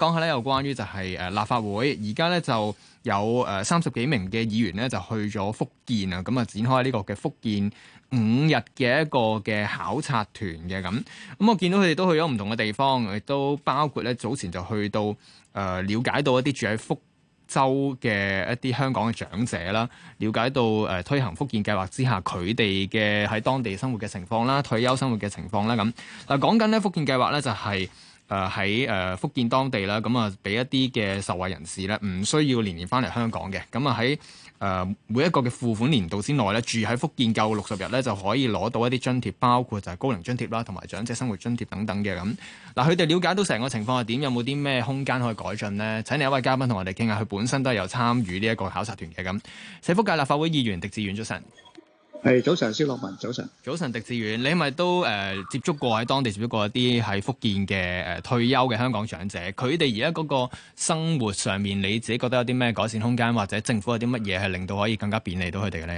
講下咧，有關於就係誒立法會，而家咧就有誒三十幾名嘅議員咧，就去咗福建啊，咁啊展開呢個嘅福建五日嘅一個嘅考察團嘅咁。咁我見到佢哋都去咗唔同嘅地方，亦都包括咧早前就去到誒了解到一啲住喺福州嘅一啲香港嘅長者啦，了解到誒、呃、推行福建計劃之下佢哋嘅喺當地生活嘅情況啦、退休生活嘅情況啦咁。嗱講緊咧福建計劃咧就係、係。誒喺誒福建當地啦，咁啊俾一啲嘅受惠人士咧，唔需要年年翻嚟香港嘅。咁啊喺誒每一個嘅付款年度之內咧，住喺福建夠六十日咧，就可以攞到一啲津貼，包括就係高齡津貼啦，同埋長者生活津貼等等嘅咁嗱。佢哋了解到成個情況係點，有冇啲咩空間可以改進呢？請另一位嘉賓同我哋傾下，佢本身都有參與呢一個考察團嘅咁。社福界立法會議員狄志遠早晨。係，早晨，肖樂文，早晨，早晨，狄志遠，你係咪都誒、呃、接觸過喺當地接觸過一啲喺福建嘅誒、呃、退休嘅香港長者，佢哋而家嗰個生活上面，你自己覺得有啲咩改善空間，或者政府有啲乜嘢係令到可以更加便利到佢哋嘅咧？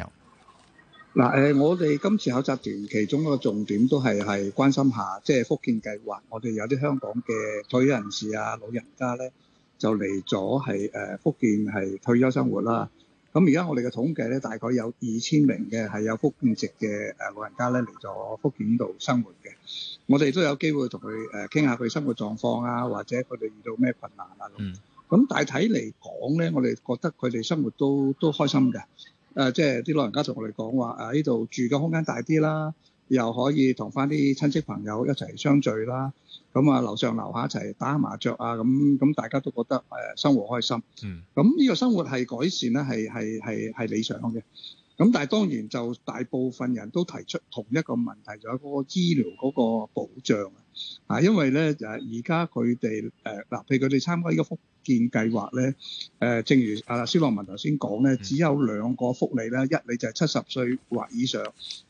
又嗱誒，我哋今次考察團其中一個重點都係係關心下，即係福建計劃，我哋有啲香港嘅退休人士啊，老人家咧就嚟咗係誒福建係退休生活啦。嗯咁而家我哋嘅統計咧，大概有二千名嘅係有福建籍嘅誒老人家咧嚟咗福建度生活嘅，我哋都有機會同佢誒傾下佢生活狀況啊，或者佢哋遇到咩困難啊咁。咁大體嚟講咧，我哋覺得佢哋生活都都開心嘅。誒，即係啲老人家同我哋講話啊，呢度住嘅空間大啲啦，又可以同翻啲親戚朋友一齊相聚啦。咁啊，樓上樓下一齊打下麻雀啊，咁咁大家都覺得誒生活開心。嗯，咁呢個生活係改善咧，係係係係理想嘅。咁但係當然就大部分人都提出同一個問題，就有、是、嗰個醫療嗰個保障啊！啊，因為咧就係而家佢哋誒嗱，譬如佢哋參加呢個福建計劃咧，誒、呃、正如阿、啊、蕭洛文頭先講咧，只有兩個福利啦：一你就係七十歲或以上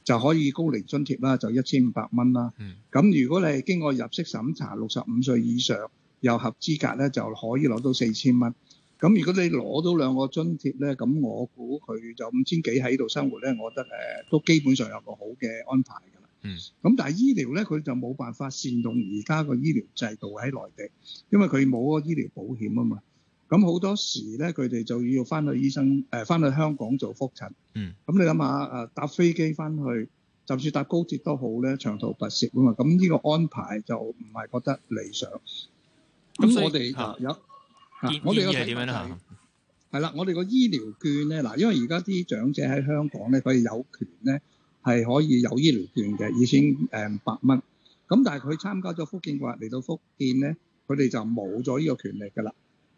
就可以高齡津貼啦，就一千五百蚊啦。咁如果你係經過入息審查，六十五歲以上有合資格咧，就可以攞到四千蚊。咁如果你攞到兩個津貼咧，咁我估佢就五千幾喺度生活咧，我覺得誒都基本上有個好嘅安排㗎啦。嗯。咁但係醫療咧，佢就冇辦法善用而家個醫療制度喺內地，因為佢冇個醫療保險啊嘛。咁好多時咧，佢哋就要翻去醫生誒翻去香港做覆診。嗯想想。咁你諗下誒搭飛機翻去，就算搭高鐵都好咧，長途跋涉啊嘛。咁呢個安排就唔係覺得理想。咁我哋有。 啊、我哋個問題係 啦，我哋個醫療券咧，嗱，因為而家啲長者喺香港咧，佢哋有權咧係可以有醫療券嘅，二千誒百蚊。咁但係佢參加咗福建話嚟到福建咧，佢哋就冇咗呢個權力噶啦。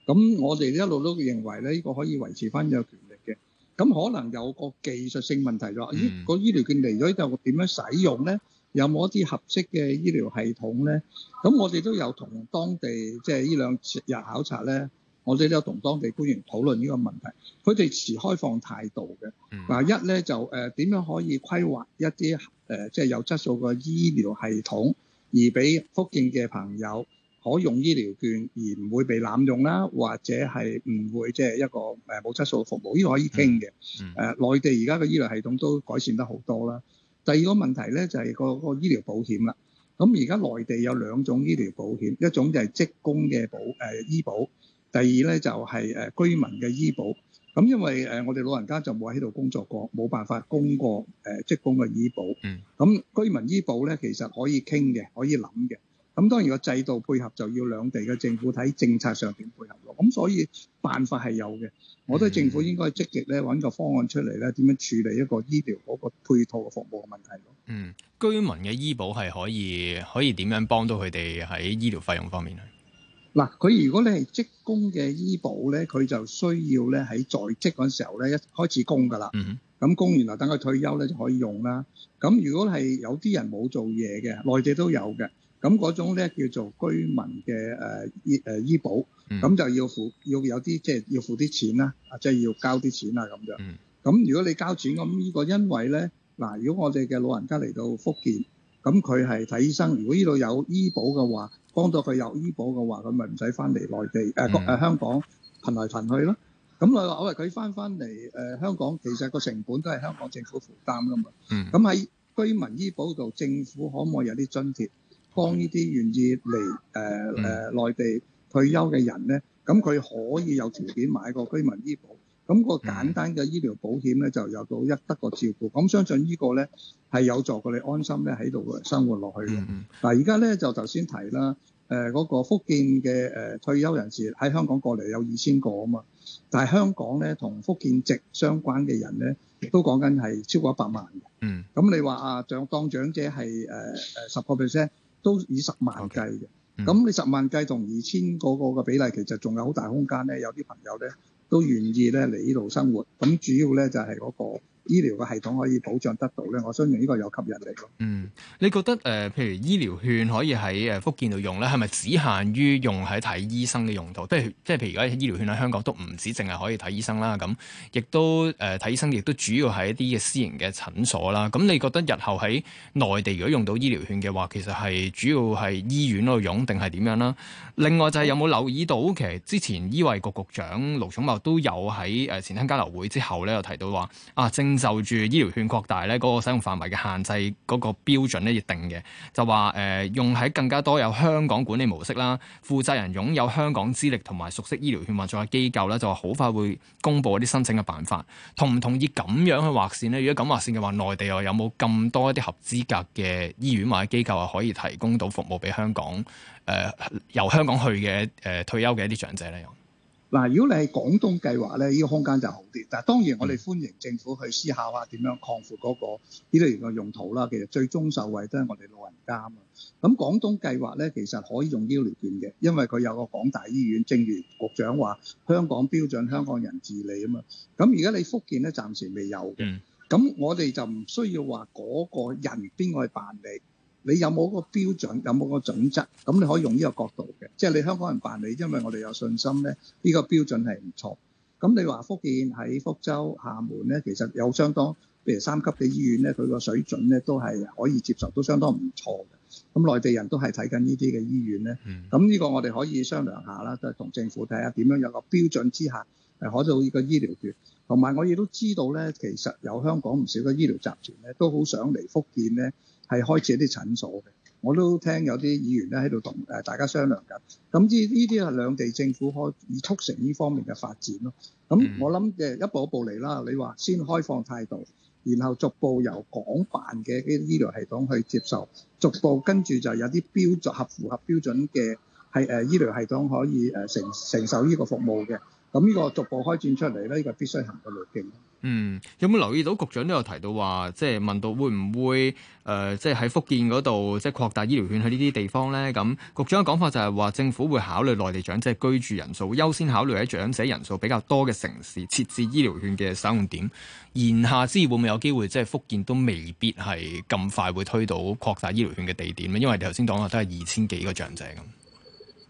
咁我哋一路都認為咧，呢個可以維持翻呢個權力嘅。咁可能有個技術性問題就話。咦，個醫療券嚟咗就點樣使用咧？有冇一啲合適嘅醫療系統咧？咁我哋都有同當地即係呢兩日考察咧，我哋都有同當地官員討論呢個問題。佢哋持開放態度嘅。嗱，一咧就誒點樣可以規劃一啲誒即係有質素嘅醫療系統，而俾福建嘅朋友可用醫療券，而唔會被濫用啦，或者係唔會即係一個誒冇質素服務，呢個可以傾嘅。誒、嗯，內地而家嘅醫療系統都改善得好多啦。第二個問題咧就係、是、個個醫療保險啦。咁而家內地有兩種醫療保險，一種就係職工嘅保誒、呃、醫保，第二咧就係、是、誒居民嘅醫保。咁因為誒我哋老人家就冇喺度工作過，冇辦法供過誒、呃、職工嘅醫保。嗯。咁居民醫保咧，其實可以傾嘅，可以諗嘅。咁當然個制度配合就要兩地嘅政府睇政策上點配合咯。咁所以辦法係有嘅，嗯、我覺得政府應該積極咧揾個方案出嚟咧，點樣處理一個醫療嗰個配套嘅服務嘅問題咯。嗯，居民嘅醫保係可以可以點樣幫到佢哋喺醫療費用方面咧？嗱，佢如果你係職工嘅醫保咧，佢就需要咧喺在職嗰陣時候咧一開始供㗎啦。咁供、嗯、完就等佢退休咧就可以用啦。咁如果係有啲人冇做嘢嘅，內地都有嘅。咁嗰種咧叫做居民嘅誒、呃呃、醫保，咁就要付要有啲即係要付啲錢啦，啊即係要交啲錢啦咁樣。咁如果你交錢，咁呢個因為咧嗱，如果我哋嘅老人家嚟到福建，咁佢係睇醫生，如果呢度有醫保嘅話，幫到佢有醫保嘅話，佢咪唔使翻嚟內地誒、呃嗯呃、香港頻來頻去咯。咁你話我話佢翻翻嚟誒香港，其實個成本都係香港政府負擔噶嘛。咁喺居民醫保度，政府可唔可以有啲津貼？幫呢啲願意嚟誒誒內地退休嘅人咧，咁佢可以有條件買個居民醫保，咁個簡單嘅醫療保險咧就有到一得個照顧。咁相信呢個咧係有助佢哋安心咧喺度生活落去嘅。嗱而家咧就頭先提啦，誒嗰個福建嘅誒退休人士喺香港過嚟有二千個啊嘛，但係香港咧同福建籍相關嘅人咧亦都講緊係超過一百萬嘅。嗯，咁你話啊長當長者係誒誒十個 percent？都以十萬計嘅，咁 Okay. 你十萬計同二千個個嘅比例，其實仲有好大空間咧。有啲朋友咧都願意咧嚟呢度生活，咁主要咧就係嗰個。醫療嘅系統可以保障得到咧，我相信呢個有吸引力。嗯，你覺得誒、呃，譬如醫療券可以喺誒福建度用咧，係咪只限於用喺睇醫生嘅用途？即係即係譬如而家醫療券喺香港都唔止淨係可以睇醫生啦，咁亦都誒睇、呃、醫生亦都主要係一啲嘅私營嘅診所啦。咁你覺得日後喺內地如果用到醫療券嘅話，其實係主要係醫院嗰度用定係點樣啦？另外就係有冇留意到，其實之前醫衞局局長盧寵茂都有喺誒前海交流會之後咧，又提到話啊，正。就住醫療券擴大咧，嗰個使用範圍嘅限制，嗰個標準咧亦定嘅，就話誒、呃、用喺更加多有香港管理模式啦，負責人擁有香港資歷同埋熟悉醫療券或仲有機構咧，就好快會公布一啲申請嘅辦法。同唔同意咁樣去劃線呢？如果咁劃線嘅話，內地又有冇咁多一啲合資格嘅醫院或者機構啊，可以提供到服務俾香港誒、呃、由香港去嘅誒、呃、退休嘅一啲長者咧？嗱，如果你係廣東計劃咧，呢、呢個空間就好啲。但係當然，我哋歡迎政府去思考下點樣擴闊嗰個醫療嘅用途啦。其實最終受惠都係我哋老人家啊嘛。咁廣東計劃咧，其實可以用醫療券嘅，因為佢有個港大醫院。正如局長話，香港標準，香港人治理啊嘛。咁而家你福建咧，暫時未有嘅。咁我哋就唔需要話嗰個人邊個去辦理。你有冇個個標準？有冇個準則？咁你可以用呢個角度嘅，即係你香港人辦理，因為我哋有信心呢。呢、呢個標準係唔錯。咁你話福建喺福州、廈門呢，其實有相當，譬如三級嘅醫院呢，佢個水準呢都係可以接受，都相當唔錯嘅。咁內地人都係睇緊呢啲嘅醫院呢。咁呢、嗯、個我哋可以商量下啦，都係同政府睇下點樣有個標準之下，係可做呢個醫療券。同埋我亦都知道呢，其實有香港唔少嘅醫療集團呢，都好想嚟福建呢。係開始啲診所嘅，我都聽有啲議員咧喺度同誒大家商量緊。咁呢呢啲係兩地政府可以以促成呢方面嘅發展咯。咁我諗誒一步一步嚟啦。你話先開放態度，然後逐步由廣泛嘅啲醫療系統去接受，逐步跟住就有啲標準合符合標準嘅係誒醫療系統可以誒承承受呢個服務嘅。咁呢個逐步開展出嚟咧，呢、呢個必須行個路徑。嗯，有冇留意到局長都有提到話，即係問到會唔會誒、呃，即係喺福建嗰度即係擴大醫療券喺呢啲地方咧？咁、嗯、局長嘅講法就係話，政府會考慮內地長者居住人數，會優先考慮喺長者人數比較多嘅城市設置醫療券嘅使用點。言下之意，會唔會有機會即係福建都未必係咁快會推到擴大醫療券嘅地點咧？因為你頭先講話都係二千幾個長者咁。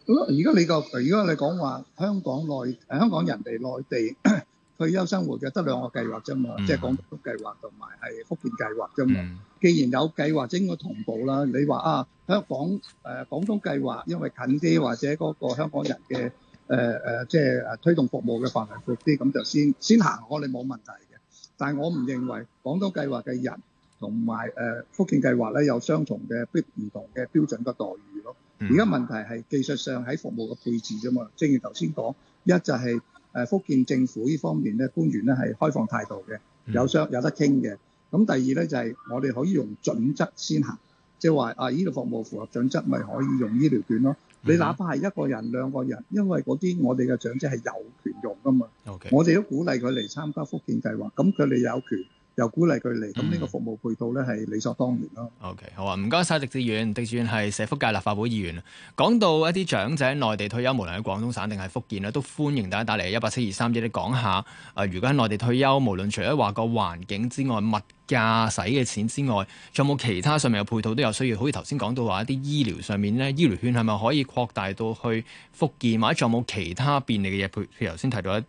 如果你個，而家你講話香港內，香港人哋內地。 退休生活嘅得兩個計劃啫嘛，mm. 即係廣東計劃同埋係福建計劃啫嘛。Mm. 既然有計劃，應該同步啦。你話啊，香港誒、呃、廣東計劃因為近啲，或者嗰個香港人嘅誒誒，即係誒推動服務嘅範圍闊啲，咁就先先行行，我哋冇問題嘅。但係我唔認為廣東計劃嘅人同埋誒福建計劃咧有相同嘅標唔同嘅標準嘅待遇咯。而家、mm. 問題係技術上喺服務嘅配置啫嘛。正如頭先講，一就係、係。誒福建政府呢方面咧，官員咧係開放態度嘅，有商有得傾嘅。咁第二咧就係、是、我哋可以用準則先行，即係話啊，依、這個服務符合準則，咪可以用醫療券咯。你哪怕係一個人、兩個人，因為嗰啲我哋嘅長者係有權用噶嘛。Okay. 我哋都鼓勵佢嚟參加福建計劃，咁佢哋有權。又鼓勵佢嚟，咁呢個服務配套呢係理所當然啦 OK，好啊，唔該晒。狄志遠，狄志遠係社福界立法會議員。講到一啲長者內地退休，無論喺廣東省定係福建呢都歡迎大家打嚟一八七二三一，你講下。誒，如果喺內地退休，無論除咗話個環境之外，物價使嘅錢之外，仲有冇其他上面嘅配套都有需要？好似頭先講到話一啲醫療上面呢，醫療券係咪可以擴大到去福建，或者仲有冇其他便利嘅嘢？譬如頭先提到一啲。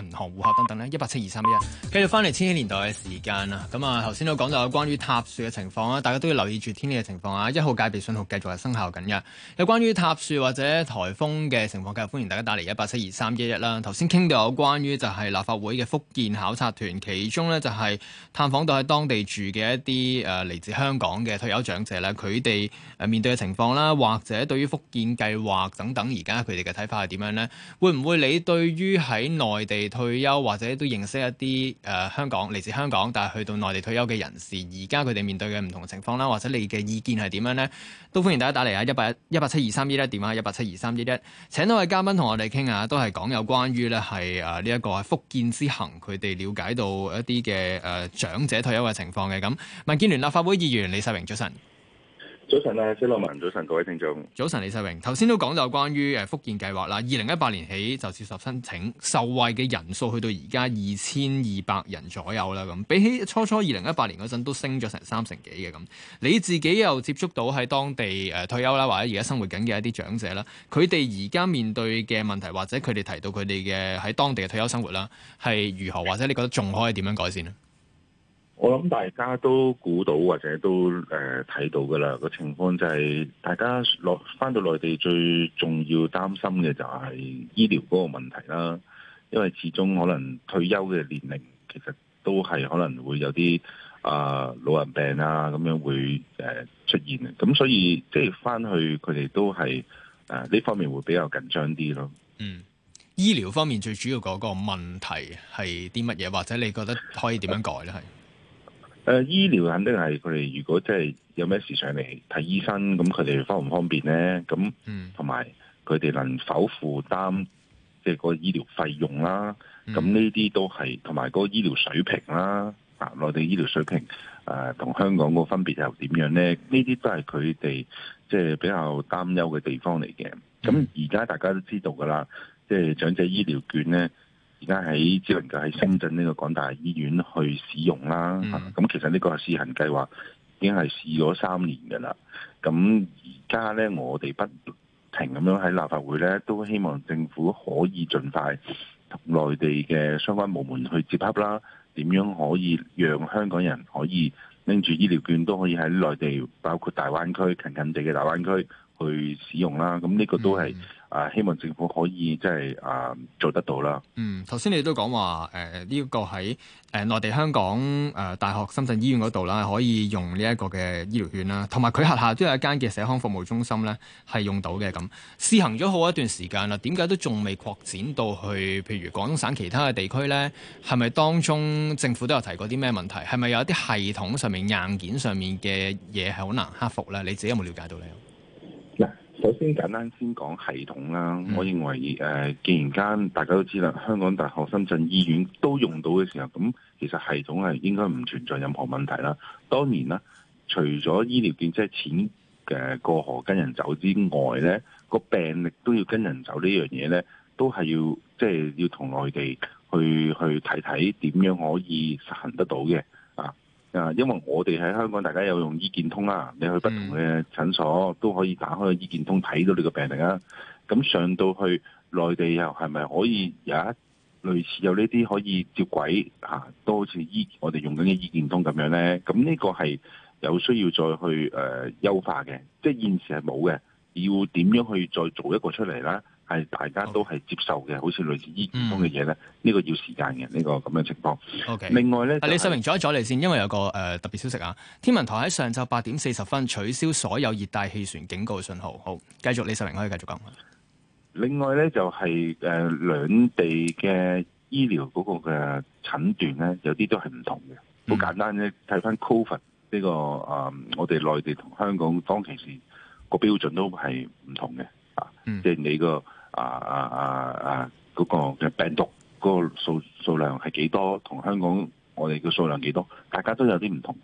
銀行戶口等等呢，一八七二三一一。繼續翻嚟千禧年代嘅時間啦，咁啊頭先都講到關於塌樹嘅情況啦，大家都要留意住天氣嘅情況啊。一號戒備信號繼續係生效緊嘅。有關於塌樹或者颱風嘅情況，繼續歡迎大家打嚟一八七二三一一啦。頭先傾到有關於就係立法會嘅福建考察團，其中呢就係、是、探訪到喺當地住嘅一啲誒嚟自香港嘅退休長者咧，佢哋誒面對嘅情況啦，或者對於福建計劃等等，而家佢哋嘅睇法係點樣呢？會唔會你對於喺內地？退休或者都認識一啲誒、呃、香港嚟自香港但係去到內地退休嘅人士，而家佢哋面對嘅唔同情況啦，或者你嘅意見係點樣呢？都歡迎大家打嚟啊！一八一八七二三一一電話，一八七二三一一。請到位嘉賓同我哋傾下，都係講有關於咧係誒呢一個福建之行，佢哋了解到一啲嘅誒長者退休嘅情況嘅。咁民建聯立法會議員李世榮，早晨。早晨啊，小羅文。早晨，各位聽眾。早晨，李世榮。頭先都講就關於誒福建計劃啦，二零一八年起就接受申請，受惠嘅人數去到而家二千二百人左右啦。咁比起初初二零一八年嗰陣都升咗成三成幾嘅咁。你自己又接觸到喺當地誒退休啦，或者而家生活緊嘅一啲長者啦，佢哋而家面對嘅問題，或者佢哋提到佢哋嘅喺當地嘅退休生活啦，係如何？或者你覺得仲可以點樣改善咧？我諗大家都估到，或者都誒睇、呃、到噶啦，個情況，就係大家落翻到內地最重要擔心嘅就係醫療嗰個問題啦。因為始終可能退休嘅年齡其實都係可能會有啲啊、呃、老人病啊咁樣會誒、呃、出現。咁所以即係翻去佢哋都係誒呢方面會比較緊張啲咯。嗯，醫療方面最主要嗰，個問題係啲乜嘢？或者你覺得可以點樣改咧？係？誒、呃、醫療肯定係佢哋，如果即係有咩事上嚟睇醫生，咁佢哋方唔方便咧？咁同埋佢哋能否負擔即係個醫療費用啦？咁呢啲都係同埋個醫療水平啦，啊內地醫療水平誒同、呃、香港個分別又點樣咧？呢啲都係佢哋即係比較擔憂嘅地方嚟嘅。咁而家大家都知道噶啦，即係長者醫療券咧。而家喺只能夠喺深圳呢個廣大醫院去使用啦，咁、mm. 其實呢個係試行計劃，已經係試咗三年㗎喇。咁而家呢，我哋不停咁樣喺立法會呢，都希望政府可以盡快同內地嘅相關部門去接洽啦，點樣可以讓香港人可以拎住醫療券都可以喺內地，包括大灣區近近地嘅大灣區，去使用啦，咁呢個都係誒、嗯啊、希望政府可以即係誒做得到啦。嗯，頭先你都講話誒、呢、呃這個喺誒內地、香港誒、呃、大學、深圳醫院嗰度啦，可以用呢一個嘅醫療券啦，同埋佢轄下都有一間嘅社康服務中心咧，係用到嘅。咁試行咗好一段時間啦，點解都仲未擴展到去，譬如廣東省其他嘅地區咧，係咪當中政府都有提過啲咩問題？係咪有一啲系統上面、硬件上面嘅嘢係好難克服咧？你自己有冇了解到咧？首先簡單先講系統啦，我認為誒，既然間大家都知啦，香港大學、深圳醫院都用到嘅時候，咁其實系統係應該唔存在任何問題啦。當然啦，除咗醫療建即係錢嘅過河跟人走之外，呢個病歷都要跟人走，呢樣嘢呢，都係要即係、就是、要同內地去去睇睇點樣可以實行得到嘅。啊，因為我哋喺香港，大家有用醫健通啦，你去不同嘅診所都可以打開個醫健通睇到你個病歷啊。咁上到去內地又係咪可以有一類似有呢啲可以接軌，啊，都好似醫我哋用緊嘅醫健通咁樣咧？咁呢個係有需要再去誒、呃、優化嘅，即係現時係冇嘅，要點樣去再做一個出嚟啦？係大家都係接受嘅，Okay. 好似類似呢啲咁嘅嘢咧，呢、嗯、個要時間嘅呢、這個咁嘅情況。Okay. 另外咧、就是，李世榮，阻一阻嚟先，因為有個誒、呃、特別消息啊！天文台喺上晝八點四十分取消所有熱帶氣旋警告信號。好，繼續李世榮可以繼續講。另外咧、就是，就係誒兩地嘅醫療嗰個嘅診斷咧，有啲都係唔同嘅。好簡單啫，睇翻 COVID 呢個誒、呃，我哋內地同香港當其時個標準都係唔同嘅、嗯、啊。即係你個。啊啊啊啊！嗰、啊啊啊啊嗰個嘅病毒嗰個數數，數量係幾多？同香港我哋嘅數量幾多？大家都有啲唔同，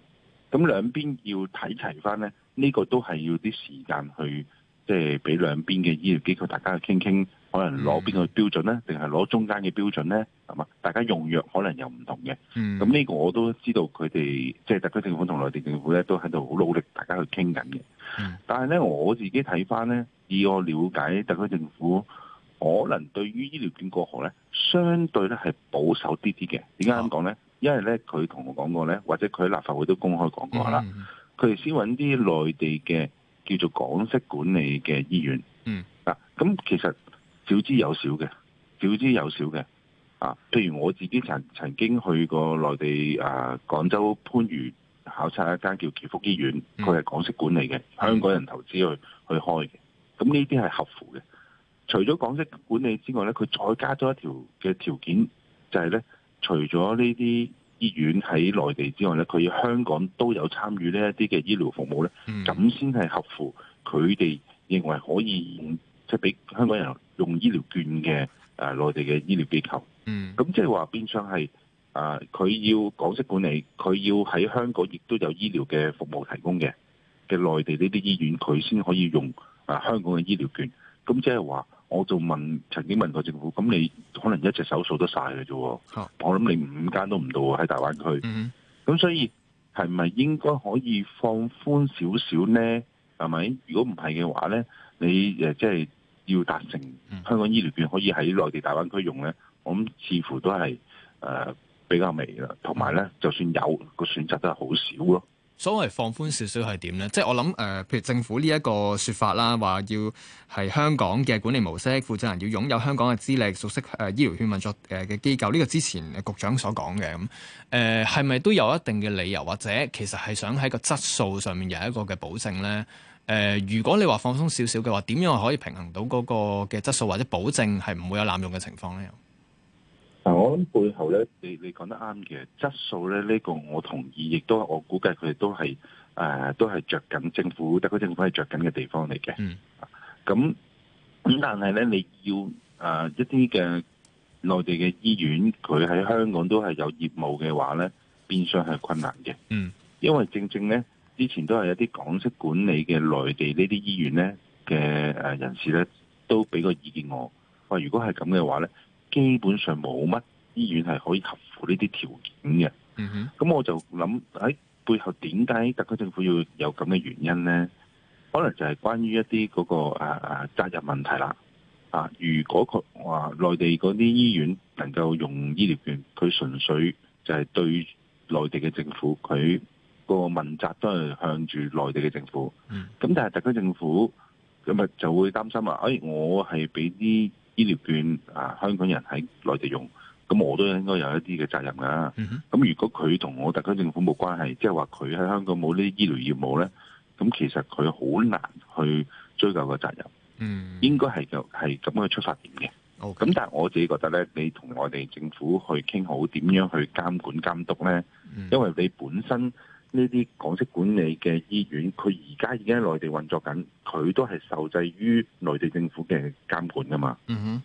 咁兩邊要睇齊翻咧，呢、呢個都係要啲時間去。即係俾兩邊嘅醫療機構，大家去傾傾，可能攞邊個標準咧，定係攞中間嘅標準咧？係嘛？大家用藥可能又唔同嘅。咁呢、嗯、個我都知道，佢哋即係特區政府同內地政府咧，都喺度好努力，大家去傾緊嘅。嗯、但係咧，我自己睇翻咧，以我了解，特區政府可能對於醫療券過河咧，相對咧係保守啲啲嘅。點解咁講咧？哦、因為咧佢同我講過咧，或者佢喺立法會都公開講過啦，佢哋、嗯、先揾啲內地嘅，叫做港式管理嘅醫院，嗱咁、嗯啊嗯、其實少之有少嘅，少之有少嘅，啊，譬如我自己曾曾經去過內地啊，廣州番禺考察一間叫祈福醫院，佢係港式管理嘅，嗯、香港人投資去去開嘅，咁呢啲係合乎嘅。除咗港式管理之外咧，佢再加多一條嘅條件，就係、是、咧，除咗呢啲。醫院喺內地之外咧，佢香港都有參與呢一啲嘅醫療服務咧，咁先係合乎佢哋認為可以即係俾香港人用醫療券嘅誒內地嘅醫療機構。嗯，咁即係話變相係誒，佢、呃、要港式管理，佢要喺香港亦都有醫療嘅服務提供嘅嘅內地呢啲醫院，佢先可以用誒、呃、香港嘅醫療券。咁即係話。我就問曾經問過政府，咁你可能一隻手數得曬嘅啫，我諗你五間都唔到喺大灣區，咁所以係咪應該可以放寬少少呢？係咪？如果唔係嘅話呢，你誒即係要達成香港醫療券可以喺內地大灣區用呢？我諗似乎都係誒、呃、比較微啦，同埋呢，就算有個選擇都係好少咯。所謂放寬少少係點咧？即係我諗誒、呃，譬如政府呢一個説法啦，話要係香港嘅管理模式，負責人要擁有香港嘅資歷，熟悉誒醫療券運作誒嘅機構。呢、這個之前局長所講嘅咁誒，係、呃、咪都有一定嘅理由，或者其實係想喺個質素上面有一個嘅保證咧？誒、呃，如果你話放鬆少少嘅話，點樣可以平衡到嗰個嘅質素或者保證係唔會有濫用嘅情況咧？嗱，但我諗背後咧，你你講得啱嘅，質素咧呢、這個我同意，亦都我估計佢哋都係誒、呃、都係着緊政府，特區政府係着緊嘅地方嚟嘅。嗯、啊，咁咁但係咧，你要誒、呃、一啲嘅內地嘅醫院，佢喺香港都係有業務嘅話咧，變相係困難嘅。嗯，因為正正咧，之前都係一啲港式管理嘅內地呢啲醫院咧嘅誒人士咧，都俾個意見我，話如果係咁嘅話咧。基本上冇乜醫院係可以合乎呢啲條件嘅，咁、mm hmm. 我就諗喺、哎、背後點解特區政府要有咁嘅原因咧？可能就係關於一啲嗰、嗰個誒誒、啊啊、責任問題啦。啊，如果佢話、啊、內地嗰啲醫院能夠用醫療券，佢純粹就係對內地嘅政府，佢個問責都係向住內地嘅政府。咁、mm hmm. 但係特區政府咁咪就，就會擔心啊？誒、哎，我係俾啲。醫療券啊，香港人喺內地用，咁我都應該有一啲嘅責任啦。咁、mm hmm. 如果佢同我特區政府冇關係，即係話佢喺香港冇呢啲醫療業務呢，咁其實佢好難去追究個責任。嗯、mm，hmm. 應該係咁樣嘅出發點嘅。哦，咁但係我自己覺得呢，你同內地政府去傾好點樣去監管監督呢，mm hmm. 因為你本身。呢啲港式管理嘅醫院，佢而家已經喺內地運作緊，佢都係受制於內地政府嘅監管噶嘛。嗯哼、mm，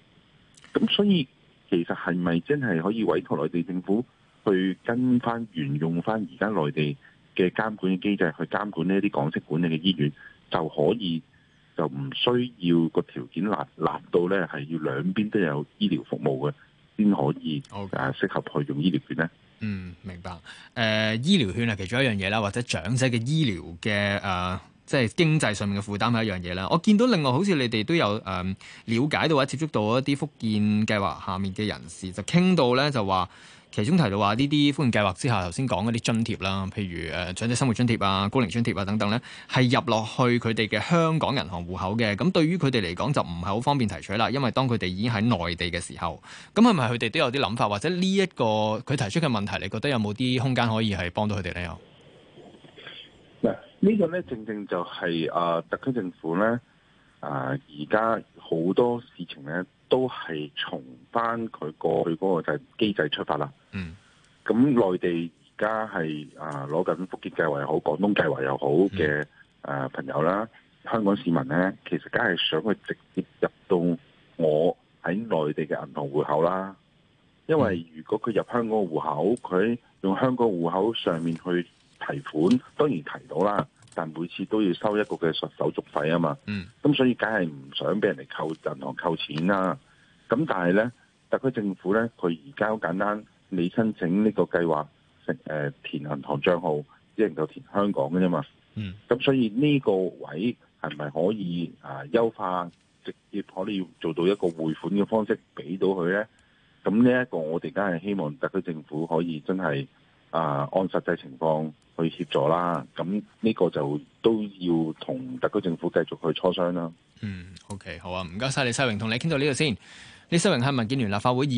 咁、hmm. 所以其實係咪真係可以委託內地政府去跟翻、沿用翻而家內地嘅監管嘅機制去監管呢啲港式管理嘅醫院，就可以就唔需要個條件立立到呢，係要兩邊都有醫療服務嘅先可以，啊 Okay. 適合去用醫療券呢？嗯，明白。誒、呃，醫療券係其中一樣嘢啦，或者長者嘅醫療嘅誒，即、呃、係、就是、經濟上面嘅負擔係一樣嘢啦。我見到另外好似你哋都有誒瞭、呃、解到或者接觸到一啲福建計劃下面嘅人士，就傾到咧就話。其中提到話呢啲福建計劃之下，頭先講嗰啲津貼啦，譬如誒長者生活津貼啊、高齡津貼啊等等呢係入落去佢哋嘅香港銀行戶口嘅。咁對於佢哋嚟講，就唔係好方便提取啦。因為當佢哋已經喺內地嘅時候，咁係咪佢哋都有啲諗法，或者呢一個佢提出嘅問題，你覺得有冇啲空間可以係幫到佢哋呢？又嗱，呢個呢，正正就係、是、啊、呃，特區政府呢。啊、呃，而家好多事情呢。都係從翻佢過去嗰個就係機制出發啦。嗯，咁內地而家係啊攞緊福建計劃又好，廣東計劃又好嘅誒朋友啦，嗯、香港市民咧其實梗係想去直接入到我喺內地嘅銀行戶口啦。因為如果佢入香港戶口，佢用香港戶口上面去提款，當然提到啦。但每次都要收一個嘅手手續費啊嘛，咁、嗯、所以梗係唔想俾人哋扣銀行扣錢啦、啊。咁但係咧，特區政府咧，佢而家好簡單，你申請呢個計劃，成誒填銀行帳號，只能夠填香港嘅啫嘛。咁、嗯、所以呢個位係咪可以啊優化，直接可以做到一個匯款嘅方式俾到佢咧？咁呢一個我哋梗係希望特區政府可以真係。啊，按實際情況去協助啦，咁呢個就都要同特區政府繼續去磋商啦。嗯，OK，好啊，唔該晒你，李世榮同你傾到呢度先。李世榮係民建聯立法會議員。